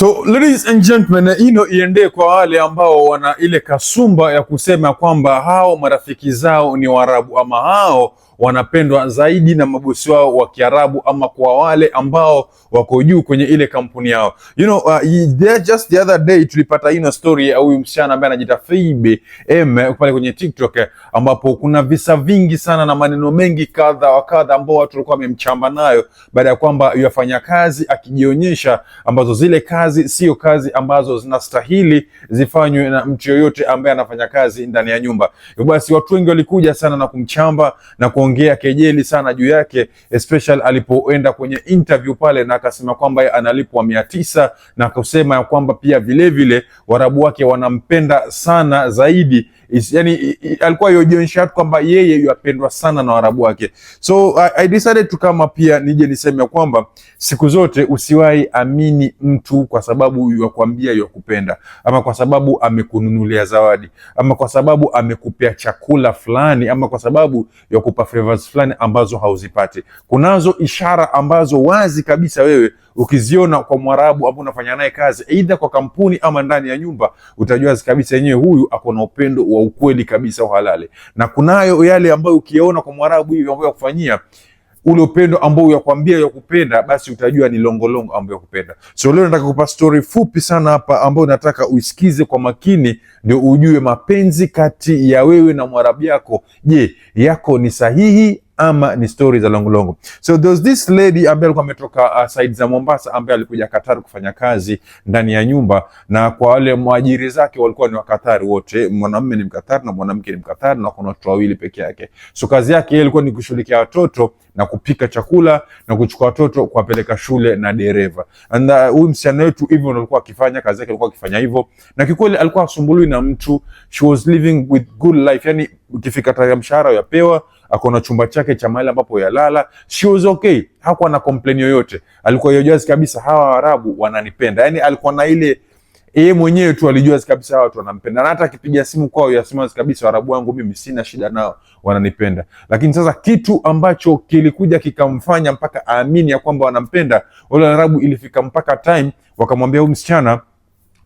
So ladies and gentlemen, ino iendee kwa wale ambao wana ile kasumba ya kusema kwamba hao marafiki zao ni Waarabu ama hao wanapendwa zaidi na mabosi wao wa Kiarabu ama kwa wale ambao wako juu kwenye ile kampuni yao. You know, uh, just the other day tulipata ina story ya huyu msichana ambaye anajiita Feibe M eh, pale kwenye TikTok, eh, ambapo kuna visa vingi sana na maneno mengi kadha wa kadha ambao watu walikuwa wamemchamba nayo baada ya kwamba yafanya kazi akijionyesha, ambazo zile kazi sio kazi ambazo zinastahili zifanywe na mtu yoyote ambaye anafanya kazi ndani ya nyumba. Basi watu wengi walikuja sana na kumchamba na kuongea ameongea kejeli sana juu yake, especially alipoenda kwenye interview pale, na akasema kwamba analipwa mia tisa na kusema ya kwamba pia vilevile warabu wake wanampenda sana zaidi yani alikuwa yojionyesha watu kwamba yeye yapendwa sana na Waarabu wake. So I, I decided to kama pia nije niseme kwamba siku zote usiwahi amini mtu kwa sababu yakwambia yakupenda, ama kwa sababu amekununulia zawadi, ama kwa sababu amekupea chakula fulani, ama kwa sababu yakupa favors fulani ambazo hauzipati. Kunazo ishara ambazo wazi kabisa wewe ukiziona kwa Mwarabu ambao unafanya naye kazi, aidha kwa kampuni ama ndani ya nyumba, utajua kabisa yenyewe huyu ako na upendo wa ukweli kabisa wa halali. Na kunayo yale ambayo ukiyaona kwa Mwarabu hivi ambayo yakufanyia ule upendo ambao uyakwambia ya kupenda, basi utajua ni longolongo ambayo yakupenda kupenda. So leo nataka kupa stori fupi sana hapa ambayo nataka uisikize kwa makini, ndio ujue mapenzi kati ya wewe na mwarabu yako, je, yako ni sahihi ama ni stori za long long. So there was this lady ambaye alikuwa ametoka uh, side za Mombasa ambaye alikuja Qatar kufanya kazi ndani ya nyumba, na kwa wale mwajiri zake walikuwa ni Wakatari wote, mwanamume ni Mkatari na mwanamke ni Mkatari, na kuna watoto wawili peke yake. So kazi yake yeye ilikuwa ni kushughulikia watoto na kupika chakula na kuchukua watoto kuwapeleka shule na dereva. And uh, huyu uh, msichana wetu hivyo alikuwa akifanya kazi yake, alikuwa akifanya hivyo, na kikweli alikuwa asumbuliwi na mtu, she was living with good life, yani ukifika tarehe ya mshahara yapewa ako na chumba chake cha mahali ambapo yalala. She was okay, hakuwa na complain yoyote, alikuwa yajazi kabisa hawa Waarabu wananipenda. Yani alikuwa na ile yeye mwenyewe tu alijua kabisa hawa watu wanampenda, na hata akipiga simu kwao yasema kabisa, Waarabu wangu mimi sina shida nao, wananipenda. Lakini sasa kitu ambacho kilikuja kikamfanya mpaka aamini ya kwamba wanampenda wale Waarabu, ilifika mpaka time wakamwambia huyu msichana,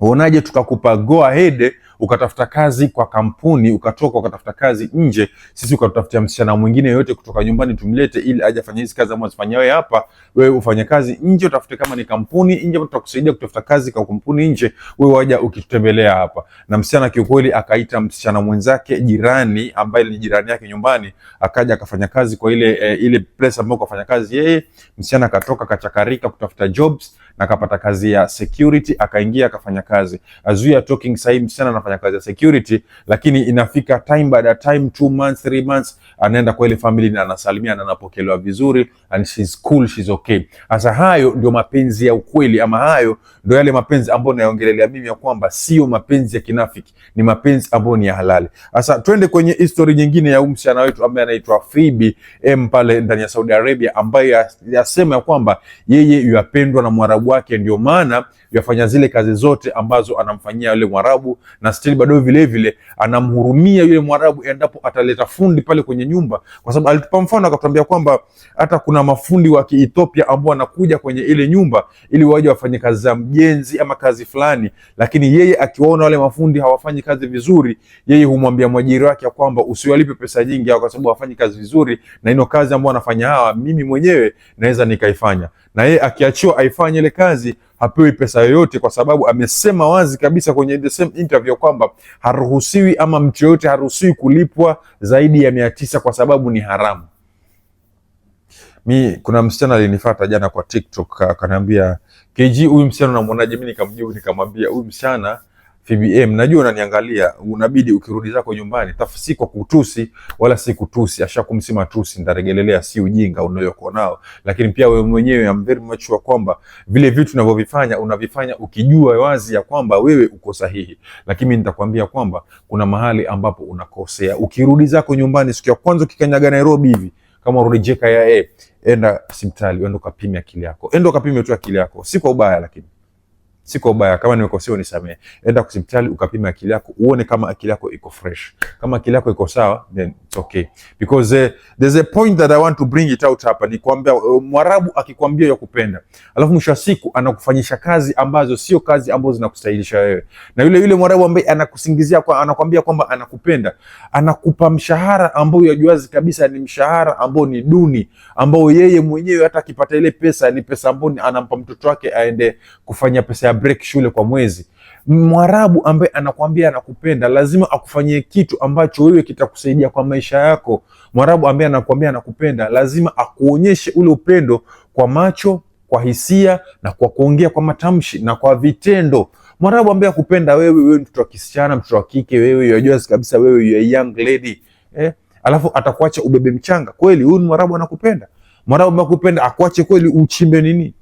uonaje tukakupa go ahead ukatafuta kazi kwa kampuni, ukatoka ukatafuta kazi nje, sisi ukatafutia msichana mwingine yoyote kutoka nyumbani tumlete, ili aje afanye hizi kazi ambazo zifanya wewe hapa. Wewe ufanye kazi nje, utafute kama ni kampuni nje, tutakusaidia kutafuta kazi kwa kampuni nje, wewe waja ukitutembelea hapa. Na msichana kiukweli akaita msichana mwenzake jirani, ambaye ni jirani yake nyumbani, akaja akafanya kazi kwa ile eh, ile place ambayo kafanya kazi yeye. Msichana akatoka kachakarika kutafuta jobs na akapata kazi ya security, akaingia akafanya kazi. Azuia Talking Sahii msichana anafanya kazi ya security, lakini inafika time baada ya time, two months, three months, anaenda kwa ile family na anasalimia na anapokelewa vizuri and she's cool, she's okay. Sasa hayo ndio mapenzi ya ukweli, ama hayo ndio yale mapenzi ambayo naongelelea mimi ya kwamba sio mapenzi ya kinafiki, ni mapenzi ambayo ni ya halali. Sasa twende kwenye history nyingine ya msichana wetu ambaye anaitwa Phoebe M pale ndani ya Saudi Arabia, ambaye yasema ya kwamba yeye yapendwa na Mwarabu wake. Ndio maana yafanya zile kazi zote ambazo anamfanyia yule Mwarabu, na stili bado vile vile anamhurumia yule Mwarabu endapo ataleta fundi pale kwenye nyumba, kwa sababu alitupa mfano akatuambia kwamba hata kuna mafundi wa Kiethiopia ambao wanakuja kwenye ile nyumba ili waje wafanye kazi za mjenzi ama kazi fulani, lakini yeye akiwaona wale mafundi hawafanyi kazi vizuri, yeye humwambia mwajiri wake kwamba usiwalipe pesa nyingi hao, kwa sababu hawafanyi kazi vizuri, na ino kazi ambayo wanafanya hawa, mimi mwenyewe naweza nikaifanya, na yeye akiachiwa aifanye ile kazi hapewi pesa yoyote, kwa sababu amesema wazi kabisa kwenye the same interview kwamba haruhusiwi ama mtu yoyote haruhusiwi kulipwa zaidi ya mia tisa kwa sababu ni haramu. Mi kuna msichana alinifata jana kwa TikTok akaniambia, KG, huyu msichana unamwonaje? Mi nikamjibu nikamwambia, huyu msichana FBM, najua unaniangalia, unabidi ukirudi zako nyumbani, tafsi kwa kutusi wala si kutusi, ashakumsima tusi ndaregelelea, si ujinga unayokuwa nao, lakini pia wewe mwenyewe am very much sure kwamba vile vitu unavyovifanya unavifanya ukijua wazi ya kwamba wewe uko sahihi, lakini nitakwambia kwamba kuna mahali ambapo unakosea. Ukirudi zako nyumbani siku ya kwanza ukikanyaga Nairobi hivi kama urudi JKIA, enda hospitali, enda ukapime akili yako, enda ukapime tu akili yako, si kwa ubaya lakini si kwa ubaya. Kama nimekosea unisamehe, enda hospitali ukapima akili yako uone kama akili yako iko fresh. Kama akili yako iko sawa, then it's okay because uh, there's a point that I want to bring it out hapa. Ni kwambia uh, eh, Mwarabu akikwambia ya kupenda, alafu mwisho wa siku anakufanyisha kazi ambazo sio kazi ambazo zinakustahilisha wewe, na yule yule Mwarabu ambaye anakusingizia kwa, anakwambia kwamba anakupenda, anakupa mshahara ambao yajuazi kabisa ni mshahara ambao ni duni, ambao yeye mwenyewe hata akipata ile pesa ni pesa ambao anampa mtoto wake aende kufanya pesa ya break shule kwa mwezi. Mwarabu ambaye anakwambia anakupenda lazima akufanyie kitu ambacho wewe kitakusaidia kwa maisha yako. Mwarabu ambaye anakwambia anakupenda lazima akuonyeshe ule upendo kwa macho, kwa hisia na kwa kuongea, kwa matamshi na kwa vitendo. Mwarabu ambaye akupenda wewe, wewe mtoto wa kisichana, mtoto wa kike, wewe unajua kabisa wewe you are young lady eh, alafu atakuacha ubebe mchanga kweli? Huyu ni mwarabu anakupenda? Mwarabu anakupenda akuache kweli uchimbe nini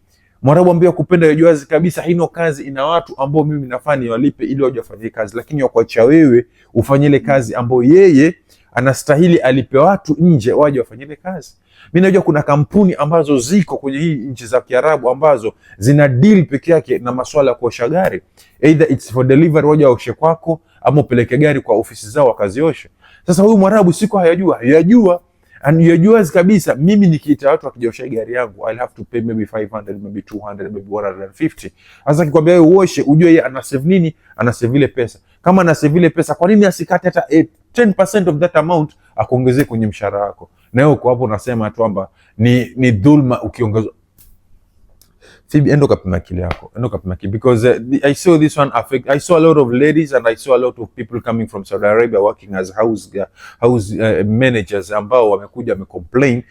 Mwarabu ambaye akupenda wazi kabisa hino kazi ina watu ambao mimi nafaa niwalipe ili waje wafanyie kazi, lakini wakuacha wewe ufanye ile kazi ambayo yeye anastahili alipe watu nje waje wafanyile ile kazi. Mi najua kuna kampuni ambazo ziko kwenye hii nchi za Kiarabu ambazo zina deal peke yake na maswala ya kuosha gari, either it's for delivery, waje waoshe kwako, ama upeleke gari kwa ofisi zao wakazioshe. Sasa huyu Mwarabu siko hayajua, hayajua and you yours kabisa, mimi nikiita watu wakijaosha gari yangu I'll have to pay maybe 500 maybe 200 maybe 150. Sasa nikwambia wewe uoshe, ujue yeye ana save nini, ana save ile pesa. Kama ana save ile pesa, kwa nini asikate hata 10% eh, of that amount akuongezee kwenye mshahara wako? Na wewe uko hapo unasema tu kwamba ni ni dhulma ukiongezwa Phoebe, endo kapima akili yako, endo kapima akili because uh, I saw this one affect I saw a lot of ladies and I saw a lot of people coming from Saudi Arabia working as house, uh, house uh, managers ambao wamekuja wamecomplain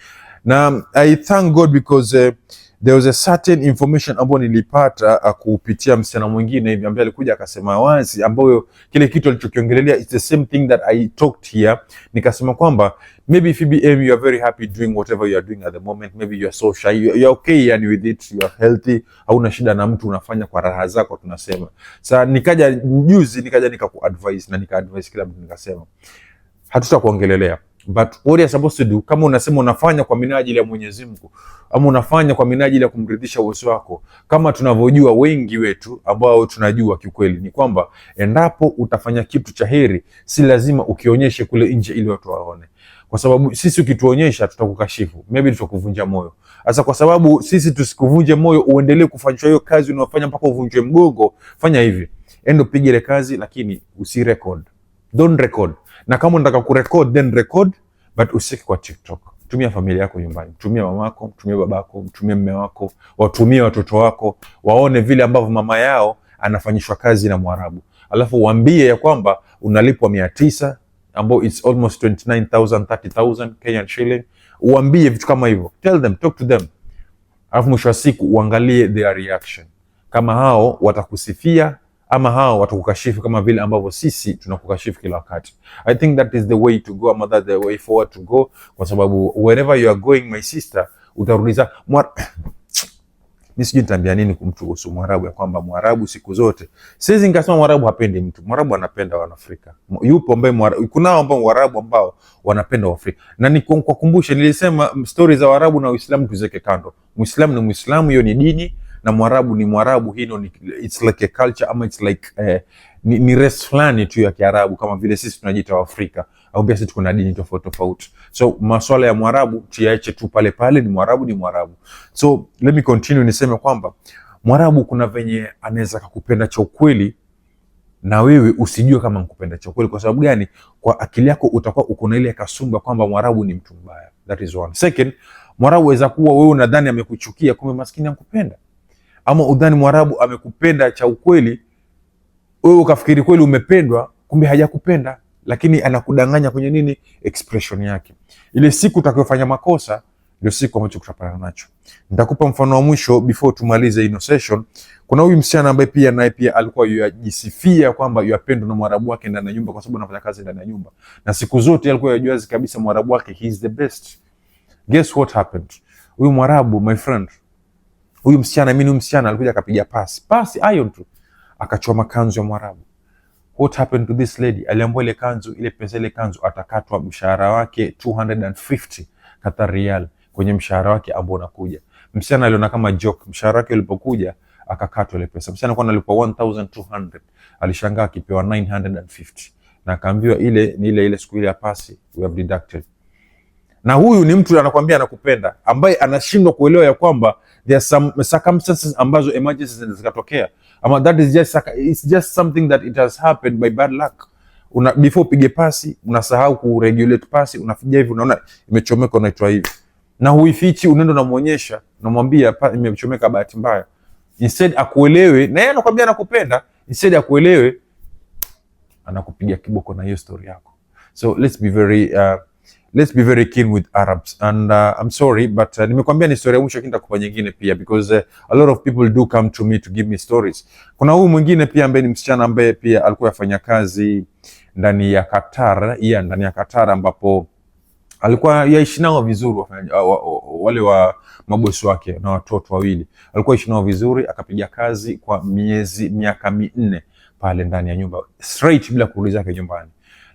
na I thank God because uh, there was a certain information ambayo nilipata uh, kupitia msichana mwingine hivi ambaye alikuja akasema wazi, ambayo kile kitu alichokiongelea is the same thing that I talked here. Nikasema kwamba maybe FBM you are very happy doing whatever you are doing at the moment, maybe you are so shy, you are okay yani with it, you are healthy, hauna shida na mtu, unafanya kwa raha zako, tunasema. Sasa nikaja juzi, nikaja nikakuadvise na nikaadvise kila mtu, nikasema hatutakuongelelea But what you are supposed to do, kama unasema unafanya kwa minajili ya Mwenyezi Mungu ama unafanya kwa minajili ya kumridhisha uwezo wako, kama tunavyojua wengi wetu ambao tunajua kiukweli ni kwamba endapo utafanya kitu cha heri, si lazima ukionyeshe kule nje ili watu waone, kwa sababu sisi ukituonyesha tutakukashifu, maybe tutakuvunja moyo. Sasa kwa sababu sisi tusikuvunje moyo, uendelee kufanyishwa hiyo kazi unayofanya mpaka uvunjwe mgongo, fanya hivi, endo piga ile kazi, lakini usirekodi don't record. Na kama unataka kurekod then record, but usiki kwa TikTok. Tumia familia yako nyumbani, tumia mama yako, tumia baba yako, tumia mume wako, watumie watoto wako waone vile ambavyo mama yao anafanyishwa kazi na Mwarabu, alafu waambie ya kwamba unalipwa mia tisa ambao it's almost 29000 30000 Kenyan shilling. Uambie vitu kama hivyo, tell them, talk to them, alafu mwisho wa siku uangalie their reaction, kama hao watakusifia ama hao watakukashifu kama vile ambavyo sisi tunakukashifu kila wakati. I think that is the way to go, ama that the way forward to go, kwa sababu wherever you are going my sister, utarudiza mi sijui nitaambia nini mtu kuhusu Mwarabu ya kwamba Mwarabu siku zote, siwezi nikasema Mwarabu hapendi mtu. Mwarabu anapenda Waafrika, yupo ambaye kuna ambao mwarabu ambao wanapenda Waafrika. Na nikukumbushe, nilisema stori za Waarabu na Uislamu tuziweke kando. Muislamu ni Muislamu, hiyo ni dini na Mwarabu ni Mwarabu, hino ni, it's like a culture ama it's like eh, ni, ni race fulani tu ya Kiarabu kama vile sisi tunajiita Waafrika au pia sisi tuko na dini tofauti tofauti. So masuala ya Mwarabu tuyaache tu pale pale, ni Mwarabu ni Mwarabu. So let me continue niseme kwamba Mwarabu kuna venye anaweza kukupenda cha ukweli na wewe usijue kama nkupenda cha ukweli. Kwa sababu gani? Kwa akili yako utakuwa uko na ile kasumba kwamba Mwarabu ni mtu mbaya. That is one. Second, Mwarabu aweza kuwa wewe unadhani amekuchukia, kumbe maskini ankupenda ama udhani Mwarabu amekupenda cha ukweli, wewe ukafikiri kweli umependwa, kumbe hajakupenda, lakini anakudanganya kwenye nini? Expression yake. Ile siku utakayofanya makosa ndio siku ambacho tutapatana nacho. Nitakupa mfano wa mwisho before tumalize ino session. Kuna huyu msichana ambaye pia naye pia alikuwa yajisifia kwamba yapendwa na Mwarabu wake ndani ya nyumba, kwa sababu anafanya kazi ndani ya nyumba, na siku zote alikuwa yajuazi kabisa Mwarabu wake he is the best. Guess what happened? Huyu Mwarabu my friend huyu msichana mimi, ni msichana alikuja akapiga pasi pasi ion tu akachoma kanzu ya Mwarabu. What happened to this lady? Aliambiwa ile kanzu ile pesa ile kanzu atakatwa mshahara wake 250 kata Riyal kwenye mshahara wake ambao unakuja. Msichana aliona kama joke, mshahara wake ulipokuja akakatwa ile pesa. Msichana kwa analipwa 1200 alishangaa akipewa 950 na akaambiwa ile ni ile ile siku ile ya pasi, we have deducted na huyu ni mtu anakwambia anakupenda, ambaye anashindwa kuelewa ya kwamba there are some circumstances ambazo emergencies zikatokea, ama that is just, it's just something that it has happened by bad luck. Una, before upige pasi unasahau kuregulate pasi, unafikia hivi, unaona imechomeka, unaitwa hivi na huifichi, unaenda unamwonyesha, unamwambia imechomeka, bahati mbaya, instead akuelewe, na yeye anakwambia anakupenda, instead akuelewe, anakupiga kiboko na hiyo story yako. So let's be very uh, Let's be very keen with Arabs and uh, I'm sorry but uh, nimekwambia ni story ya mwisho, nitakupa nyingine pia because uh, a lot of people do come to me to give me stories. Kuna huyu mwingine pia ambaye ni msichana ambaye pia alikuwa afanya kazi ndani ya Qatar, ya ndani ya Qatar ambapo alikuwa yaishi nao vizuri wafanya, uh, wa, wa, wale wa mabosi wake na watoto wawili, alikuwa yaishi nao vizuri, akapiga kazi kwa miezi miaka minne pale ndani ya nyumba straight bila kuuliza zake nyumbani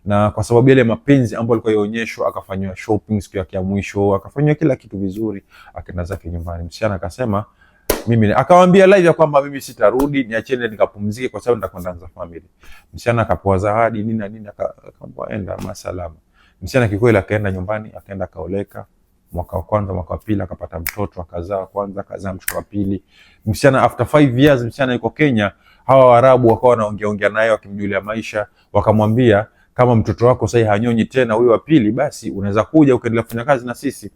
na kwa sababu yale mapenzi ambayo alikuwa yaonyeshwa, akafanywa shopping siku yake ya mwisho, akafanywa kila kitu vizuri, akaenda zake nyumbani. Msichana akasema mimi akamwambia live ya kwamba mimi sitarudi, niacheni nikapumzike, kwa sababu nitakwenda na family. Msichana akapoa zawadi nini na nini, akaambiwa enda masalama. Msichana kikweli akaenda nyumbani, akaenda kaoleka mwaka wa kwanza, mwaka wa pili akapata mtoto, akazaa kwanza, akazaa mtoto wa pili. Msichana after five years, msichana yuko Kenya. Hawa Waarabu wakawa wanaongea ongea naye, wakimjulia maisha, wakamwambia kama mtoto wako sasa hanyonyi tena, huyo wa pili, basi unaweza kuja ukaendelea kufanya kazi na sisi.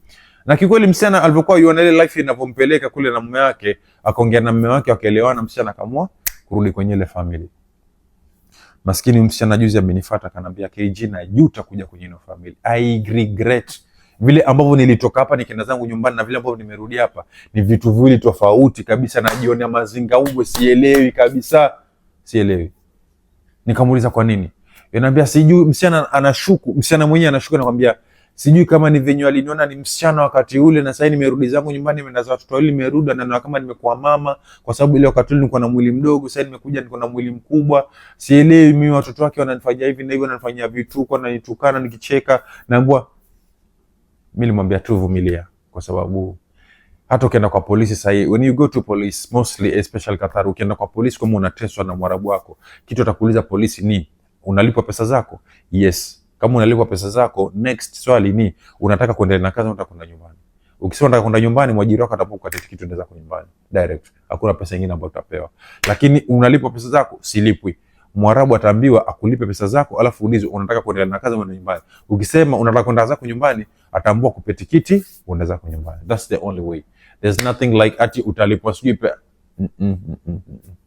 Na kikweli msichana alivyokuwa yuona ile life inavyompeleka kule na mume wake, akaongea na mume wake wakaelewana, msichana akaamua kurudi kwenye ile family. Maskini msichana juzi amenifuata akaniambia, KG, najuta kuja kwenye ile family. I regret vile ambavyo nilitoka hapa nikienda zangu nyumbani na vile ambavyo nimerudi hapa ni vitu viwili tofauti kabisa. Najiona mazinga ubwe, sielewi kabisa, sielewi. Nikamuuliza kwa nini? Yanaambia sijui msichana anashuku, msichana mwenyewe anashuku anakwambia sijui kama ni venye aliniona ni msichana wakati ule na sasa nimerudi zangu nyumbani nimezaza watoto wawili nimerudi na kama nimekuwa mama kwa sababu ile wakati ule nilikuwa na mwili mdogo sasa nimekuja niko na mwili mkubwa sielewi mimi watoto wake wananifanyia hivi na hivyo wananifanyia vituko wananitukana nikicheka naambua mimi nilimwambia tu vumilia kwa sababu hata ukienda kwa polisi sasa when you go to police mostly especially Qatar ukienda kwa polisi kama unateswa na mwarabu wako kitu atakuuliza polisi ni unalipwa pesa zako? Yes. Kama unalipwa pesa zako, next swali ni unataka kuendelea na kazi au unataka kwenda nyumbani? Ukisema unataka kwenda nyumbani, mwajiri wako atakukatia tiketi, unaenda zako nyumbani direct. Hakuna pesa nyingine ambayo utapewa. Lakini unalipwa pesa zako, silipwi. Mwarabu ataambiwa akulipe pesa zako, alafu ulizwe unataka kuendelea na kazi au nyumbani. Ukisema unataka kwenda zako nyumbani, ataambiwa kupe tiketi, uende zako nyumbani. That's the only way. There's nothing like ati utalipwa sijui pe... mm -mm -mm -mm.